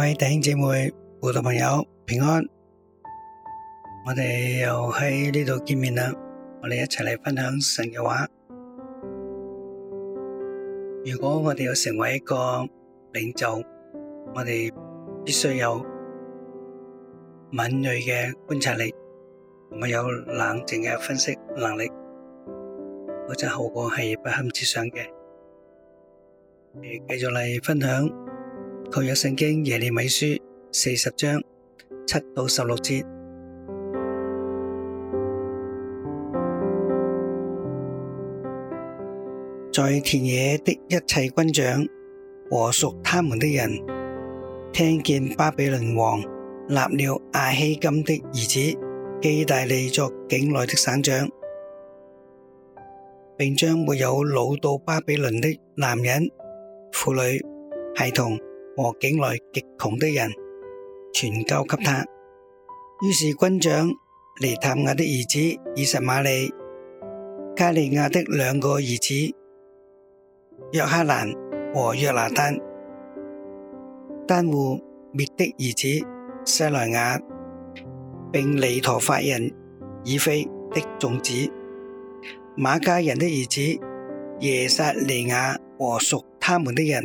各位弟兄姊妹、信徒朋友平安，我哋又喺呢度見面啦！我哋一齊嚟分享神嘅話。如果我哋要成為一個領袖，我哋必須有敏銳嘅觀察力，同埋有冷靜嘅分析能力，否則後果係不堪設想嘅。繼續嚟分享。舊約《聖經耶利米書》四十章七到十六節，在田野的一切軍長和屬他們的人，聽見巴比倫王立了阿希金的兒子基大利作境內的省長，並將沒有擄到巴比倫的男人、婦女、孩童。和境內極窮的人全交給他。於是軍長尼探雅的兒子以實瑪利、加利亞的兩個兒子約哈難和約拿單、丹戶滅的兒子西萊雅並利陀法人以非的眾子、馬加人的兒子耶撒尼亞和屬他們的人。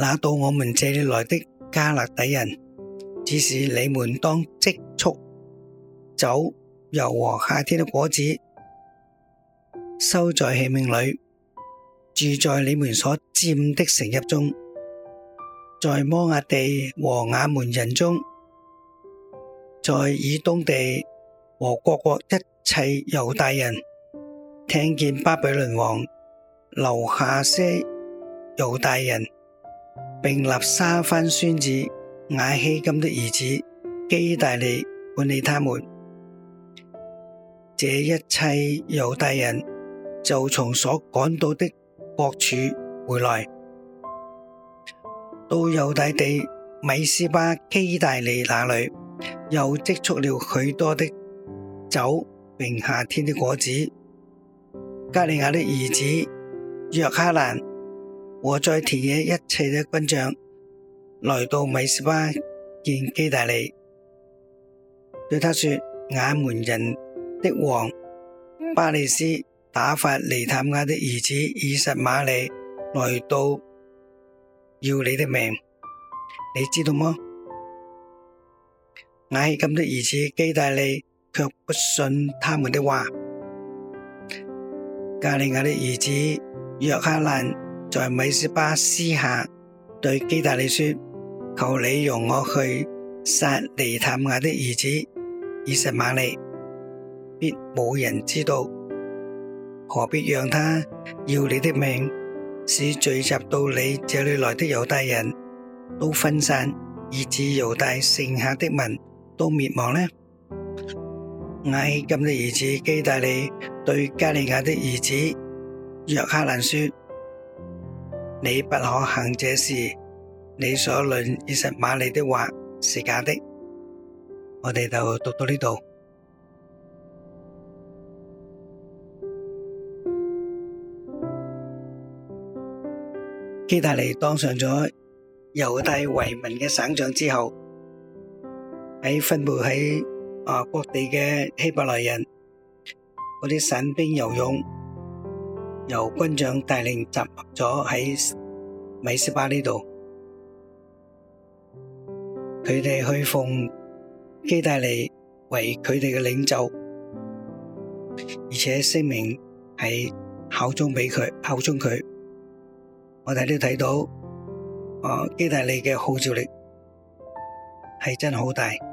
那到我們這裏來的迦勒底人，只是你們當積蓄酒、油和夏天的果子，收在器皿裏，住在你們所佔的城邑中，在摩押地和亞捫人中，在以東地和各國一切猶大人，聽見巴比倫王留下些猶大人。並立沙番孫子雅希金的兒子基大利管理他們。這一切猶大人就從所趕到的各處回來，到猶大地米斯巴基大利那裏，又積蓄了許多的酒並夏天的果子。加利亞的兒子約哈蘭和在田野，一切的軍長來到米斯巴見基大利，對他說：亞門人的王巴利斯打發尼坦亞的兒子以實馬利來到要你的命，你知道麼？亞希金的兒子基大利卻不信他們的話，加利亞的兒子約哈難。在米斯巴私下對基大利說：求你容我去殺尼探雅的兒子以實瑪利，必冇人知道。何必讓他要你的命，使聚集到你這裏來的猶大人都分散，以致猶大剩下的民都滅亡呢？亞希甘的兒子基大利對加利亞的兒子約哈難說。你不可行這事，你所論以實瑪利的話是假的。我哋就讀到呢度。基大利當上咗猶大遺民嘅省長之後，喺分佈喺啊各地嘅希伯來人嗰啲散兵游勇。由軍長帶領集合咗喺米斯巴呢度，佢哋去奉基大利為佢哋嘅領袖，而且聲明係效忠俾佢，效忠佢。我哋都睇到，啊，基大利嘅號召力係真好大。呢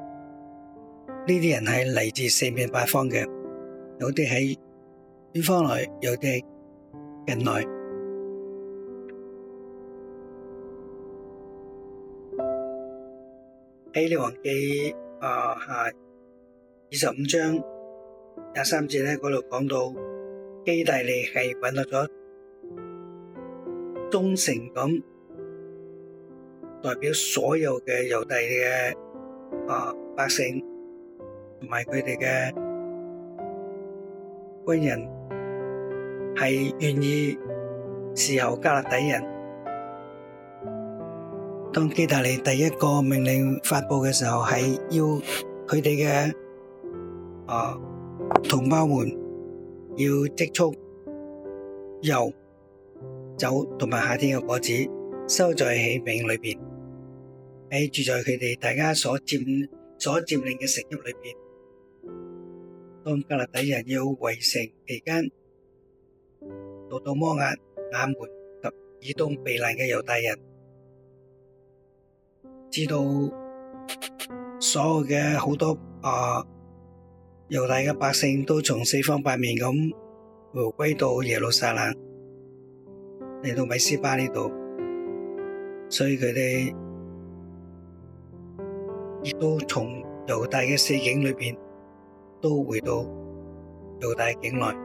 啲人係嚟自四面八方嘅，有啲喺遠方來，有啲係。喺列王記下二十五章廿三節咧，嗰度講到基大利係搵到咗忠誠咁，代表所有嘅猶大嘅啊百姓同埋佢哋嘅軍人。係願意侍候加勒底人。當基大利第一個命令發布嘅時候，係要佢哋嘅啊同胞們要積蓄油、酒同埋夏天嘅果子，收在器皿裏邊，喺住在佢哋大家所佔所佔領嘅城邑裏邊。當加勒底人要圍城期間。到到摩押、亞門及以東避難嘅猶大人，知道所有嘅好多啊猶大嘅百姓都從四方八面咁回歸到耶路撒冷，嚟到米斯巴呢度，所以佢哋亦都從猶大嘅四境裏邊都回到猶大境內。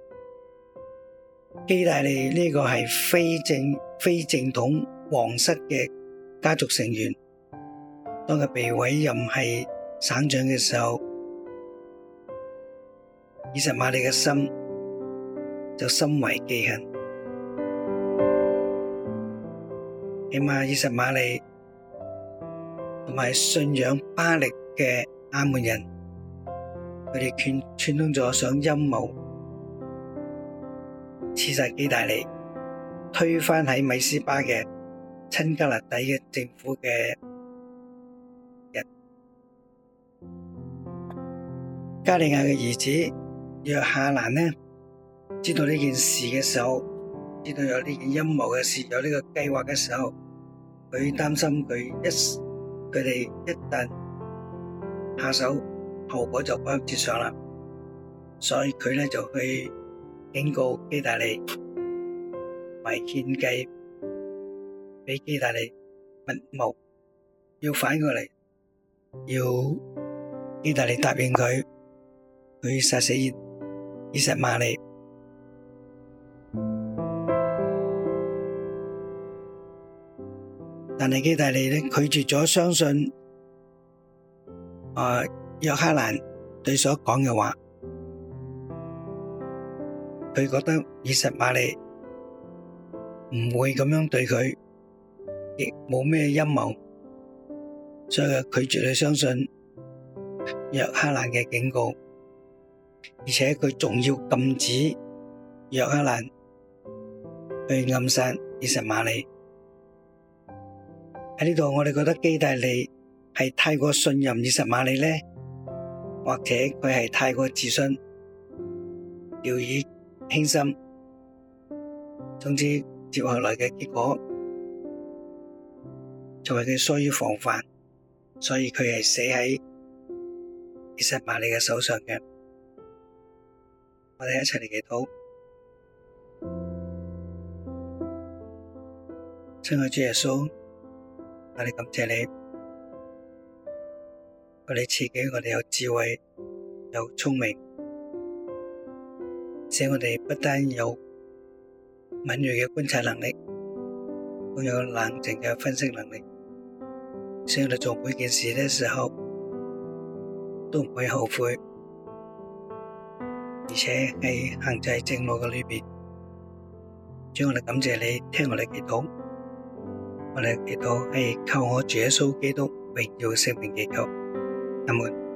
基大利呢個係非正非正統皇室嘅家族成員，當佢被委任係省長嘅時候，以實瑪利嘅心就深懷記恨。起碼以實瑪利同埋信仰巴力嘅亞門人，佢哋串串通咗想陰謀。刺殺基大利，推翻喺米斯巴嘅親加勒底嘅政府嘅人。加利亞嘅兒子約夏蘭呢，知道呢件事嘅時候，知道有呢件陰謀嘅事，有呢個計劃嘅時候，佢擔心佢一佢哋一旦下手，後果就不堪設想啦。所以佢呢就去。警告基大利，埋獻計俾基大利密謀，要反過嚟，要基大利答應佢，佢殺死以以實瑪利。但係基大利咧拒絕咗相信，誒約哈難對所講嘅話。佢覺得以實瑪利唔會咁樣對佢，亦冇咩陰謀，所以佢拒絕去相信約哈難嘅警告，而且佢仲要禁止約哈難去暗殺以實瑪利。喺呢度，我哋覺得基大利係太過信任以實瑪利呢，或者佢係太過自信要以。輕心。總之接下來嘅結果就係佢疏於防範，所以佢係死喺其實瑪利嘅手上嘅。我哋一齊嚟祈禱。親愛主耶穌，我哋感謝你，我哋賜俾我哋有智慧，有聰明。我哋不單有敏銳嘅觀察能力，更有冷靜嘅分析能力，使我哋做每件事嘅時候都唔會後悔。而且喺行在正路嘅裏邊，所以我哋感謝你聽我哋祈禱，我哋祈禱係靠我主耶穌基督榮耀聖名嘅祈求。阿門。